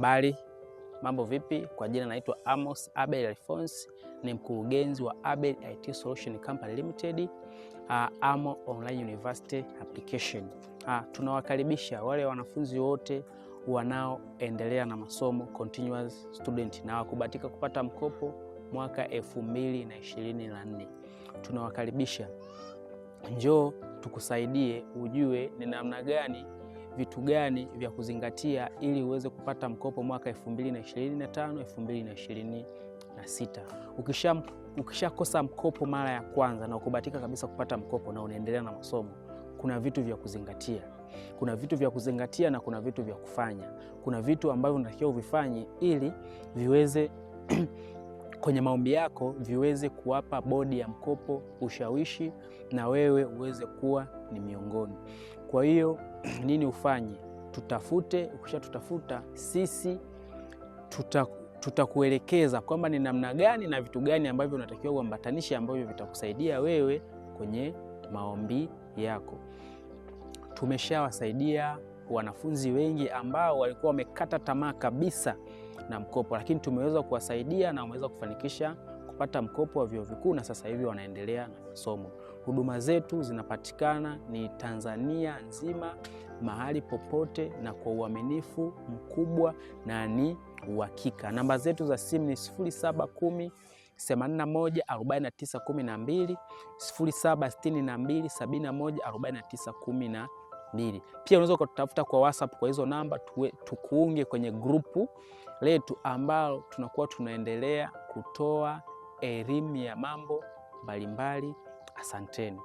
Habari, mambo vipi? Kwa jina naitwa Amos Abel Alphonse, ni mkurugenzi wa Abel IT Solution Company Limited, uh, AMO Online University Application. Uh, tunawakaribisha wale wanafunzi wote wanaoendelea na masomo continuous student na wakubatika kupata mkopo mwaka 2024. Tunawakaribisha, njoo tukusaidie ujue ni namna gani vitu gani vya kuzingatia ili uweze kupata mkopo mwaka 2025 2026. Ukisha ukishakosa mkopo mara ya kwanza na ukubatika kabisa kupata mkopo na unaendelea na masomo, kuna vitu vya kuzingatia kuna vitu vya kuzingatia na kuna vitu vya kufanya. Kuna vitu ambavyo unatakiwa uvifanye ili viweze kwenye maombi yako viweze kuwapa bodi ya mkopo ushawishi na wewe uweze kuwa ni miongoni. Kwa hiyo nini ufanye? Tutafute. Ukishatutafuta sisi tuta tutakuelekeza kwamba ni namna gani na vitu gani ambavyo unatakiwa uambatanishe ambavyo vitakusaidia wewe kwenye maombi yako. Tumeshawasaidia wanafunzi wengi ambao walikuwa wamekata tamaa kabisa na mkopo, lakini tumeweza kuwasaidia na wameweza kufanikisha kupata mkopo wa vyuo vikuu na sasa hivi wanaendelea na masomo. Huduma zetu zinapatikana ni Tanzania nzima mahali popote na kwa uaminifu mkubwa na ni uhakika. Namba zetu za simu ni 0710 71 mbili. Pia unaweza ukatafuta kwa WhatsApp kwa hizo namba, tukuunge kwenye grupu letu ambalo tunakuwa tunaendelea kutoa elimu ya mambo mbalimbali. Asanteni.